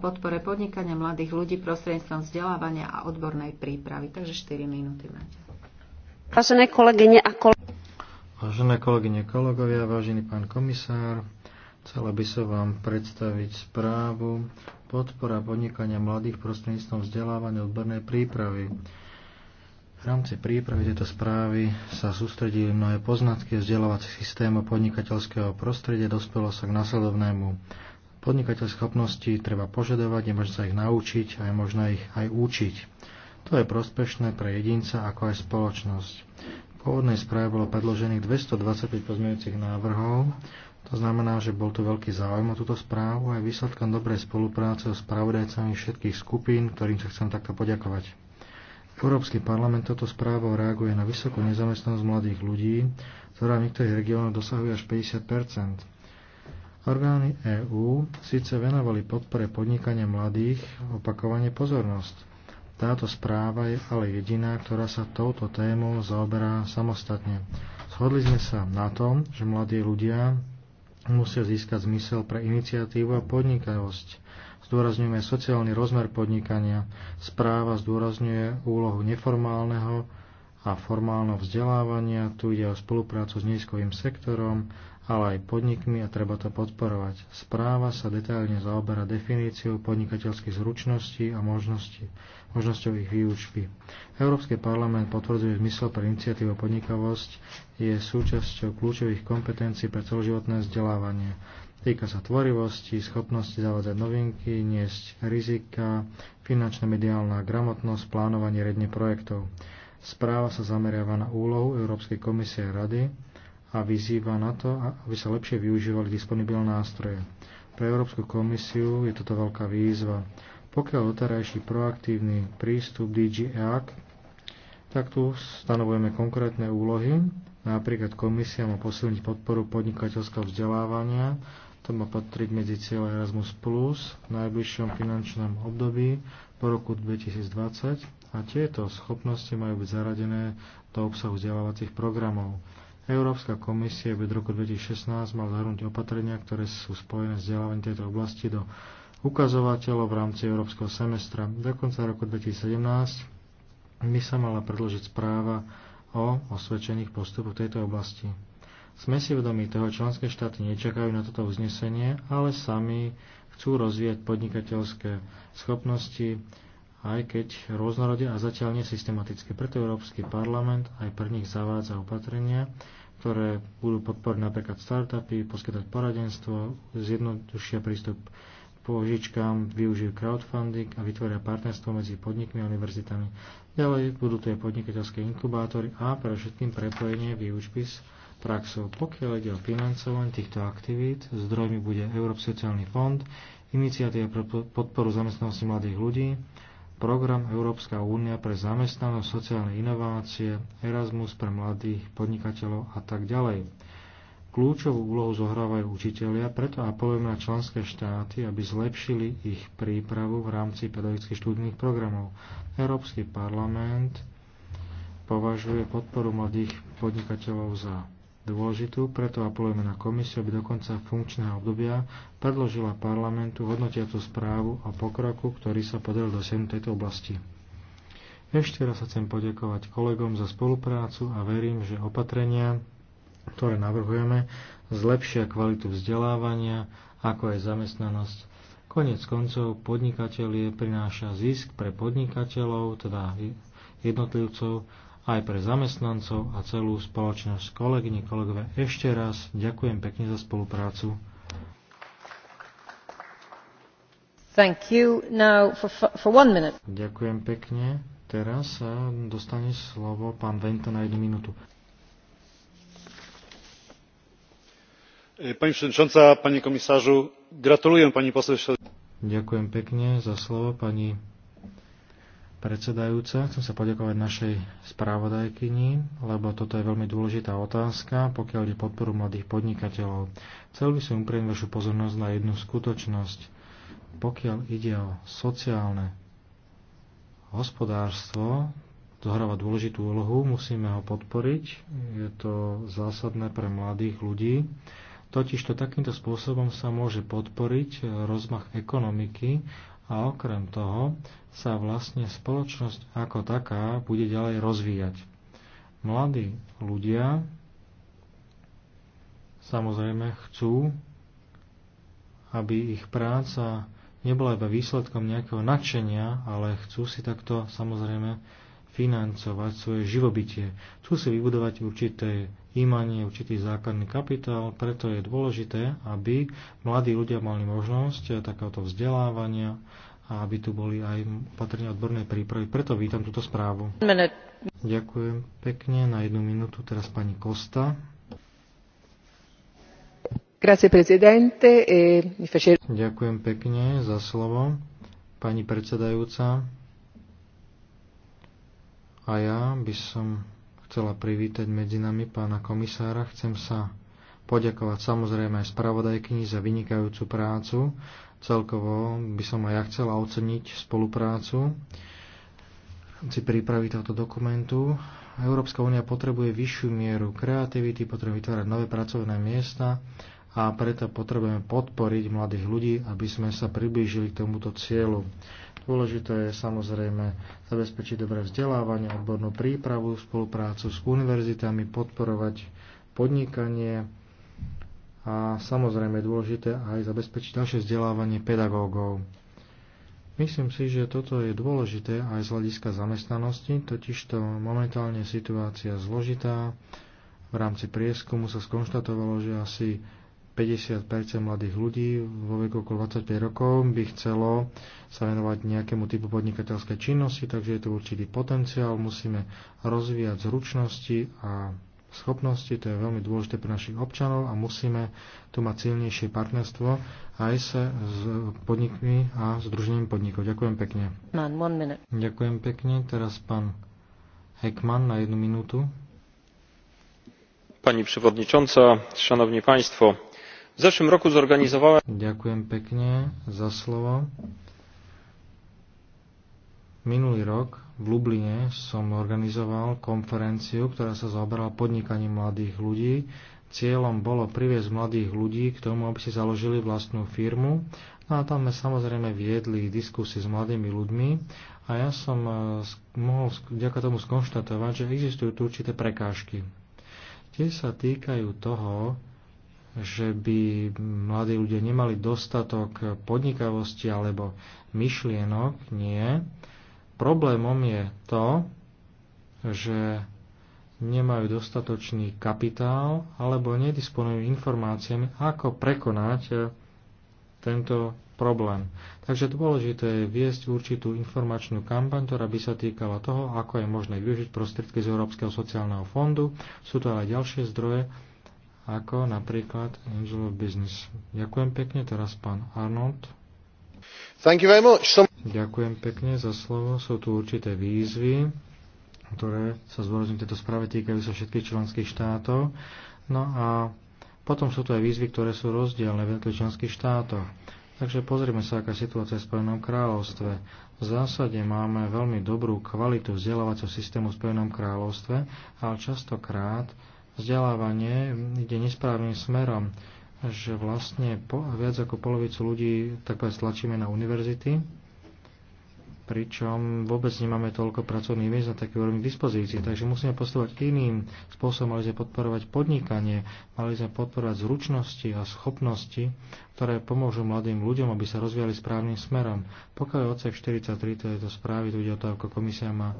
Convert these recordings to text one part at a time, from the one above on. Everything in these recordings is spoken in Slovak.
podpore podnikania mladých ľudí prostredníctvom vzdelávania a odbornej prípravy. Takže 4 minúty máte. Vážené kolegyne a kolegovia. Vážené kolegyne, kolegovia, vážený pán komisár, chcela by som vám predstaviť správu podpora podnikania mladých prostredníctvom vzdelávania odbornej prípravy. V rámci prípravy tejto správy sa sústredili mnohé poznatky vzdelávacích systémov podnikateľského prostredia, dospelo sa k nasledovnému Podnikateľ schopnosti treba požadovať, je možné sa ich naučiť a je možné ich aj učiť. To je prospešné pre jedinca ako aj spoločnosť. V pôvodnej správe bolo predložených 225 pozmeňujúcich návrhov, to znamená, že bol tu veľký záujem o túto správu a je výsledkom dobrej spolupráce so spravodajcami všetkých skupín, ktorým sa chcem takto poďakovať. Európsky parlament toto správou reaguje na vysokú nezamestnanosť mladých ľudí, ktorá v niektorých regiónoch dosahuje až 50 Orgány EÚ síce venovali podpore podnikania mladých opakovane pozornosť. Táto správa je ale jediná, ktorá sa touto témou zaoberá samostatne. Shodli sme sa na tom, že mladí ľudia musia získať zmysel pre iniciatívu a podnikavosť. Zdôrazňujeme sociálny rozmer podnikania. Správa zdôrazňuje úlohu neformálneho a formálneho vzdelávania, tu ide o spoluprácu s nízkovým sektorom ale aj podnikmi a treba to podporovať. Správa sa detailne zaoberá definíciou podnikateľských zručností a možnosti, možnosťou ich výučby. Európsky parlament potvrdzuje zmysel pre iniciatívu podnikavosť, je súčasťou kľúčových kompetencií pre celoživotné vzdelávanie. Týka sa tvorivosti, schopnosti zavádzať novinky, niesť rizika, finančná mediálna gramotnosť, plánovanie redne projektov. Správa sa zameriava na úlohu Európskej komisie a Rady, a vyzýva na to, aby sa lepšie využívali disponibilné nástroje. Pre Európsku komisiu je toto veľká výzva. Pokiaľ doterajší proaktívny prístup DG EAC, tak tu stanovujeme konkrétne úlohy. Napríklad komisia má posilniť podporu podnikateľského vzdelávania, to má patriť medzi cieľ Erasmus+, Plus, v najbližšom finančnom období po roku 2020 a tieto schopnosti majú byť zaradené do obsahu vzdelávacích programov. Európska komisia by od roku 2016 mala zahrnúť opatrenia, ktoré sú spojené s vzdelávaním tejto oblasti do ukazovateľov v rámci európskeho semestra. Do konca roku 2017 by sa mala predložiť správa o osvedčených postupoch v tejto oblasti. Sme si vedomi toho, členské štáty nečakajú na toto uznesenie, ale sami chcú rozvíjať podnikateľské schopnosti, aj keď rôznorode a zatiaľ nesystematicky. Preto Európsky parlament aj pre nich zavádza opatrenia, ktoré budú podporiť napríklad startupy, poskytať poradenstvo, zjednodušia prístup k požičkám, využijú crowdfunding a vytvoria partnerstvo medzi podnikmi a univerzitami. Ďalej budú tu aj podnikateľské inkubátory a pre všetkým prepojenie výučby s praxou. Pokiaľ ide o financovanie týchto aktivít, zdrojmi bude Európsky sociálny fond, iniciatíva pre podporu zamestnanosti mladých ľudí, program Európska únia pre zamestnanosť, sociálne inovácie, Erasmus pre mladých podnikateľov a tak ďalej. Kľúčovú úlohu zohrávajú učitelia, preto apelujem na členské štáty, aby zlepšili ich prípravu v rámci pedagogických štúdnych programov. Európsky parlament považuje podporu mladých podnikateľov za dôležitú, preto apelujeme na komisiu, aby do konca funkčného obdobia predložila parlamentu hodnotiacu správu o pokroku, ktorý sa podaril dosiahnuť tejto oblasti. Ešte raz sa chcem poďakovať kolegom za spoluprácu a verím, že opatrenia, ktoré navrhujeme, zlepšia kvalitu vzdelávania, ako aj zamestnanosť. Konec koncov podnikateľie prináša zisk pre podnikateľov, teda jednotlivcov, aj pre zamestnancov a celú spoločnosť. Kolegyne, kolegové, ešte raz ďakujem pekne za spoluprácu. Thank you. Now for, for one minute. Ďakujem pekne. Teraz sa dostane slovo pán Venta na jednu minútu. Pani przewodnicząca, pani komisážu, gratulujem pani poseł. Ďakujem pekne za slovo, pani predsedajúca. Chcem sa poďakovať našej správodajkyni, lebo toto je veľmi dôležitá otázka, pokiaľ je podporu mladých podnikateľov. Chcel by som uprieť vašu pozornosť na jednu skutočnosť. Pokiaľ ide o sociálne hospodárstvo, zohráva dôležitú úlohu, musíme ho podporiť. Je to zásadné pre mladých ľudí. Totižto takýmto spôsobom sa môže podporiť rozmach ekonomiky a okrem toho sa vlastne spoločnosť ako taká bude ďalej rozvíjať. Mladí ľudia samozrejme chcú, aby ich práca nebola iba výsledkom nejakého nadšenia, ale chcú si takto samozrejme financovať svoje živobytie. Chcú si vybudovať určité imanie, určitý základný kapitál, preto je dôležité, aby mladí ľudia mali možnosť takéhoto vzdelávania a aby tu boli aj patrne odborné prípravy. Preto vítam túto správu. Ďakujem pekne. Na jednu minútu teraz pani Kosta. E, Ďakujem pekne za slovo. Pani predsedajúca, a ja by som chcela privítať medzi nami pána komisára. Chcem sa poďakovať samozrejme aj spravodajkyni za vynikajúcu prácu. Celkovo by som aj ja chcela oceniť spoluprácu si prípravy tohto dokumentu. Európska únia potrebuje vyššiu mieru kreativity, potrebuje vytvárať nové pracovné miesta a preto potrebujeme podporiť mladých ľudí, aby sme sa priblížili k tomuto cieľu. Dôležité je samozrejme zabezpečiť dobré vzdelávanie, odbornú prípravu, spoluprácu s univerzitami, podporovať podnikanie a samozrejme je dôležité aj zabezpečiť ďalšie vzdelávanie pedagógov. Myslím si, že toto je dôležité aj z hľadiska zamestnanosti, totižto momentálne situácia zložitá. V rámci prieskumu sa skonštatovalo, že asi 50 mladých ľudí vo veku okolo 25 rokov by chcelo sa venovať nejakému typu podnikateľskej činnosti, takže je to určitý potenciál, musíme rozvíjať zručnosti a schopnosti, to je veľmi dôležité pre našich občanov a musíme tu mať silnejšie partnerstvo aj sa s podnikmi a združením podnikov. Ďakujem pekne. Man, one minute. Ďakujem pekne. Teraz pán Heckman na jednu minútu. Pani przewodnicząca, szanowni państwo, v zašom roku zorganizovala... Ďakujem pekne za slovo. Minulý rok v Lubline som organizoval konferenciu, ktorá sa zaoberala podnikaním mladých ľudí. Cieľom bolo priviesť mladých ľudí k tomu, aby si založili vlastnú firmu. No a tam sme samozrejme viedli diskusie s mladými ľuďmi a ja som e, mohol vďaka tomu skonštatovať, že existujú tu určité prekážky. Tie sa týkajú toho, že by mladí ľudia nemali dostatok podnikavosti alebo myšlienok. Nie. Problémom je to, že nemajú dostatočný kapitál alebo nedisponujú informáciami, ako prekonať e, tento problém. Takže dôležité je viesť určitú informačnú kampaň, ktorá by sa týkala toho, ako je možné využiť prostriedky z Európskeho sociálneho fondu. Sú to aj ďalšie zdroje, ako napríklad of Business. Ďakujem pekne teraz pán Arnold. Thank you very much. Som... Ďakujem pekne za slovo. Sú tu určité výzvy, ktoré sa zvorazňujú v tejto správe, týkajú sa všetkých členských štátov. No a potom sú tu aj výzvy, ktoré sú rozdielne v jednotlivých členských štátoch. Takže pozrime sa, aká situácia v Spojenom kráľovstve. V zásade máme veľmi dobrú kvalitu vzdelávacieho systému v Spojenom kráľovstve, ale častokrát vzdelávanie ide nesprávnym smerom, že vlastne po, viac ako polovicu ľudí tak povedať stlačíme na univerzity, pričom vôbec nemáme toľko pracovných miest na také úrovni dispozícii. Takže musíme postupovať iným spôsobom, mali sme podporovať podnikanie, mali sme podporovať zručnosti a schopnosti, ktoré pomôžu mladým ľuďom, aby sa rozvíjali správnym smerom. Pokiaľ je odsek 43 to správy, to ide o to, ako komisia má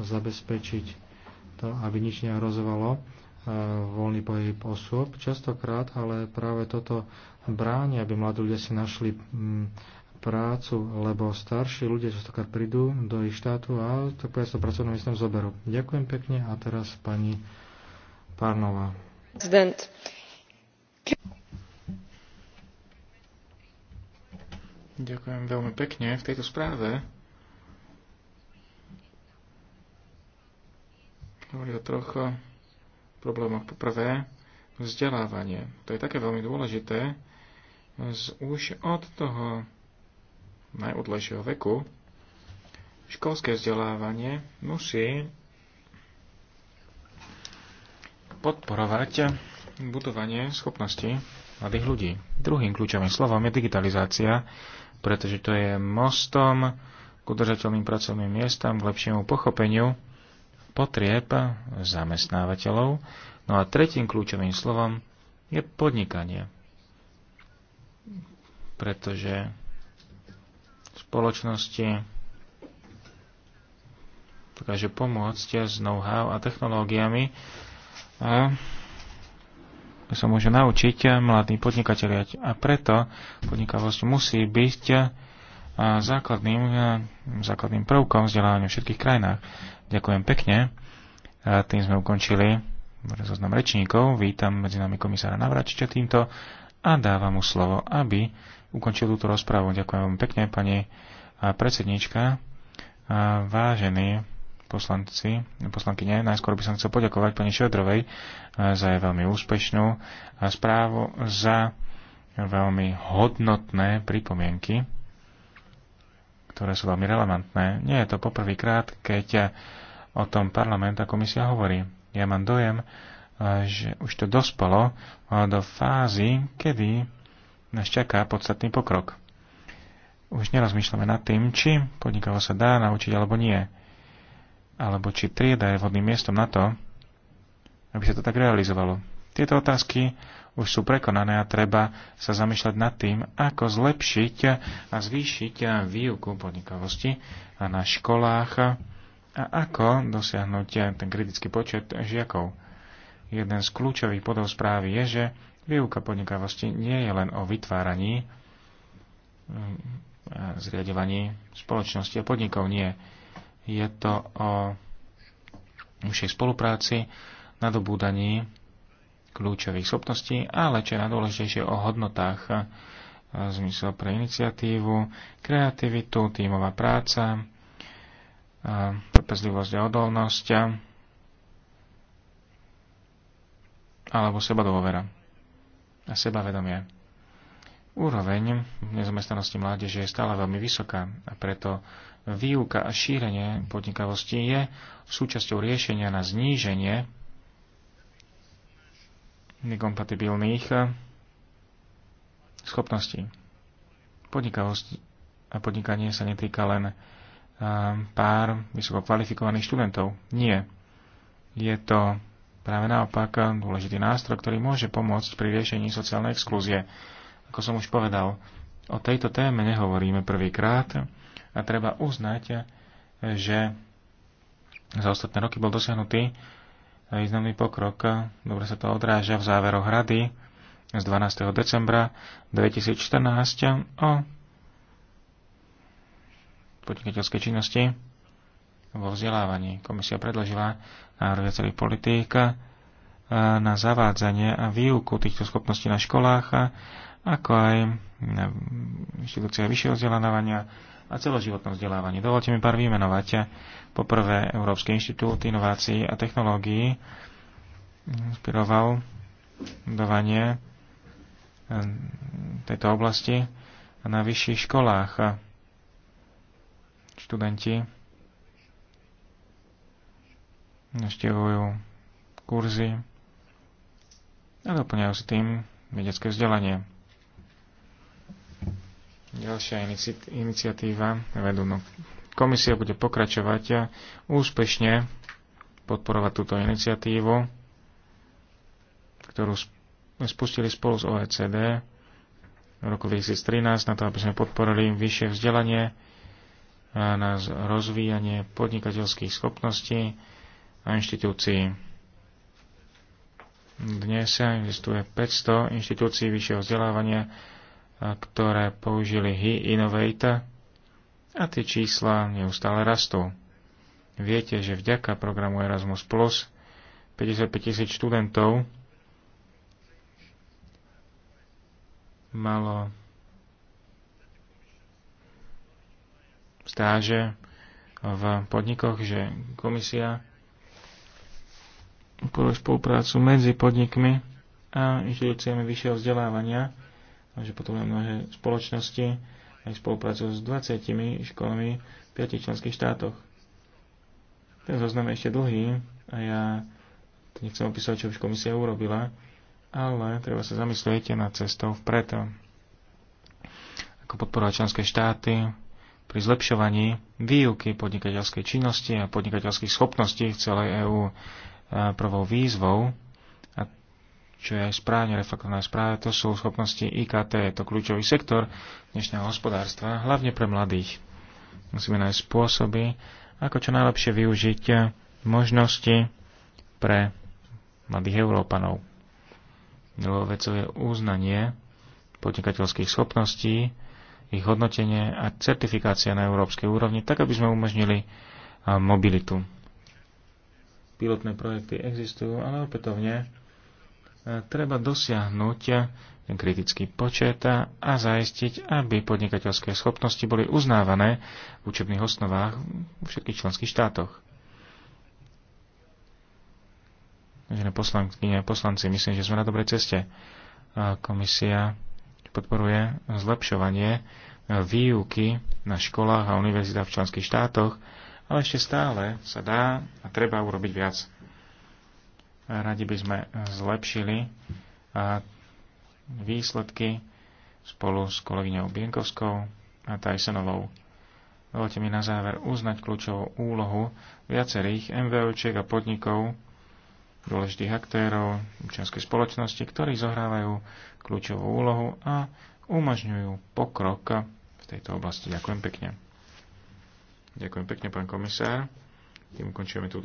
zabezpečiť to, aby nič nehrozovalo voľný pohyb osôb. Častokrát ale práve toto bráni, aby mladí ľudia si našli mm, prácu, lebo starší ľudia častokrát prídu do ich štátu a tak povedať sa pracovnom miestom zoberú. Ďakujem pekne a teraz pani Párnová. Prezident. Ďakujem veľmi pekne. V tejto správe hovorí o trochu problémoch. Poprvé, vzdelávanie. To je také veľmi dôležité. Z, už od toho najodlejšieho veku školské vzdelávanie musí podporovať budovanie schopností mladých ľudí. Druhým kľúčovým slovom je digitalizácia, pretože to je mostom k udržateľným pracovným miestam, k lepšiemu pochopeniu potrieb zamestnávateľov. No a tretím kľúčovým slovom je podnikanie. Pretože spoločnosti dokáže pomôcť s know-how a technológiami a sa môže naučiť mladí podnikateľi. A preto podnikavosť musí byť základným, e, základným prvkom vzdelávania v všetkých krajinách. Ďakujem pekne. A tým sme ukončili zoznam rečníkov. Vítam medzi nami komisára Navračiča týmto a dávam mu slovo, aby ukončil túto rozprávu. Ďakujem veľmi pekne, pani predsednička. A vážení poslanci, poslankyne, najskôr by som chcel poďakovať pani Šedrovej e, za jej veľmi úspešnú e, správu, za veľmi hodnotné pripomienky ktoré sú veľmi relevantné. Nie je to poprvýkrát, keď o tom parlament a komisia hovorí. Ja mám dojem, že už to dospolo do fázy, kedy nás čaká podstatný pokrok. Už nerozmýšľame nad tým, či podnikavo sa dá naučiť alebo nie. Alebo či trieda je vhodným miestom na to, aby sa to tak realizovalo. Tieto otázky už sú prekonané a treba sa zamýšľať nad tým, ako zlepšiť a zvýšiť výuku podnikavosti na školách a ako dosiahnuť ten kritický počet žiakov. Jeden z kľúčových podov správy je, že výuka podnikavosti nie je len o vytváraní a zriadovaní spoločnosti a podnikov. Nie. Je to o ušej spolupráci, nadobúdaní kľúčových schopností, ale čo je najdôležitejšie o hodnotách e, zmysel pre iniciatívu, kreativitu, tímová práca, e, trpezlivosť a odolnosť, e, alebo seba dôvera a sebavedomie. Úroveň nezamestnanosti mládeže je stále veľmi vysoká a preto výuka a šírenie podnikavosti je súčasťou riešenia na zníženie nekompatibilných eh, schopností. Podnikavosť a podnikanie sa netýka len eh, pár vysoko kvalifikovaných študentov. Nie. Je to práve naopak eh, dôležitý nástroj, ktorý môže pomôcť pri riešení sociálnej exklúzie. Ako som už povedal, o tejto téme nehovoríme prvýkrát a treba uznať, že za ostatné roky bol dosiahnutý významný pokrok. Dobre sa to odráža v záveroch rady z 12. decembra 2014 o podnikateľskej činnosti vo vzdelávaní. Komisia predložila návrh viacerých politík eh, na zavádzanie a výuku týchto schopností na školách, eh, ako aj na inštitúcia vyššieho vzdelávania, a celoživotnom vzdelávaní. Dovolte mi pár vymenovať. Poprvé Európsky inštitút inovácií a technológií inspiroval budovanie eh, tejto oblasti a na vyšších školách. Študenti naštevujú kurzy a doplňajú si tým vedecké vzdelanie. Ďalšia inici- iniciatíva No, Komisia bude pokračovať a úspešne podporovať túto iniciatívu, ktorú spustili spolu s OECD v roku 2013 na to, aby sme podporili vyššie vzdelanie na rozvíjanie podnikateľských schopností a inštitúcií. Dnes sa existuje 500 inštitúcií vyššieho vzdelávania ktoré použili He Innovator a tie čísla neustále rastú. Viete, že vďaka programu Erasmus Plus 55 tisíc študentov malo stáže v podnikoch, že komisia spoluprácu medzi podnikmi a inštitúciami vyššieho vzdelávania že potrebujeme mnohé spoločnosti aj spolupracujú s 20 školami v 5 členských štátoch. Ten zoznam je ešte dlhý a ja nechcem opísať, čo už komisia urobila, ale treba sa zamyslieť nad cestou vpred. Ako podporovať členské štáty pri zlepšovaní výuky podnikateľskej činnosti a podnikateľských schopností v celej EÚ prvou výzvou čo je správne reflektované správe, to sú schopnosti IKT, je to kľúčový sektor dnešného hospodárstva, hlavne pre mladých. Musíme nájsť spôsoby, ako čo najlepšie využiť možnosti pre mladých Európanov. Druhou vecou je uznanie podnikateľských schopností, ich hodnotenie a certifikácia na európskej úrovni, tak aby sme umožnili mobilitu. Pilotné projekty existujú, ale opätovne treba dosiahnuť kritický počet a zaistiť, aby podnikateľské schopnosti boli uznávané v učebných osnovách v všetkých členských štátoch. Vážené poslanky a poslanci, myslím, že sme na dobrej ceste. Komisia podporuje zlepšovanie výuky na školách a univerzitách v členských štátoch, ale ešte stále sa dá a treba urobiť viac. Radi by sme eh, zlepšili eh, výsledky spolu s kolegyňou Bienkovskou a Tysonovou. Dovolte mi na záver uznať kľúčovú úlohu viacerých MVOčiek a podnikov, dôležitých aktérov občianskej spoločnosti, ktorí zohrávajú kľúčovú úlohu a umožňujú pokrok v tejto oblasti. Ďakujem pekne. Ďakujem pekne, pán komisár. Tým ukončujeme túto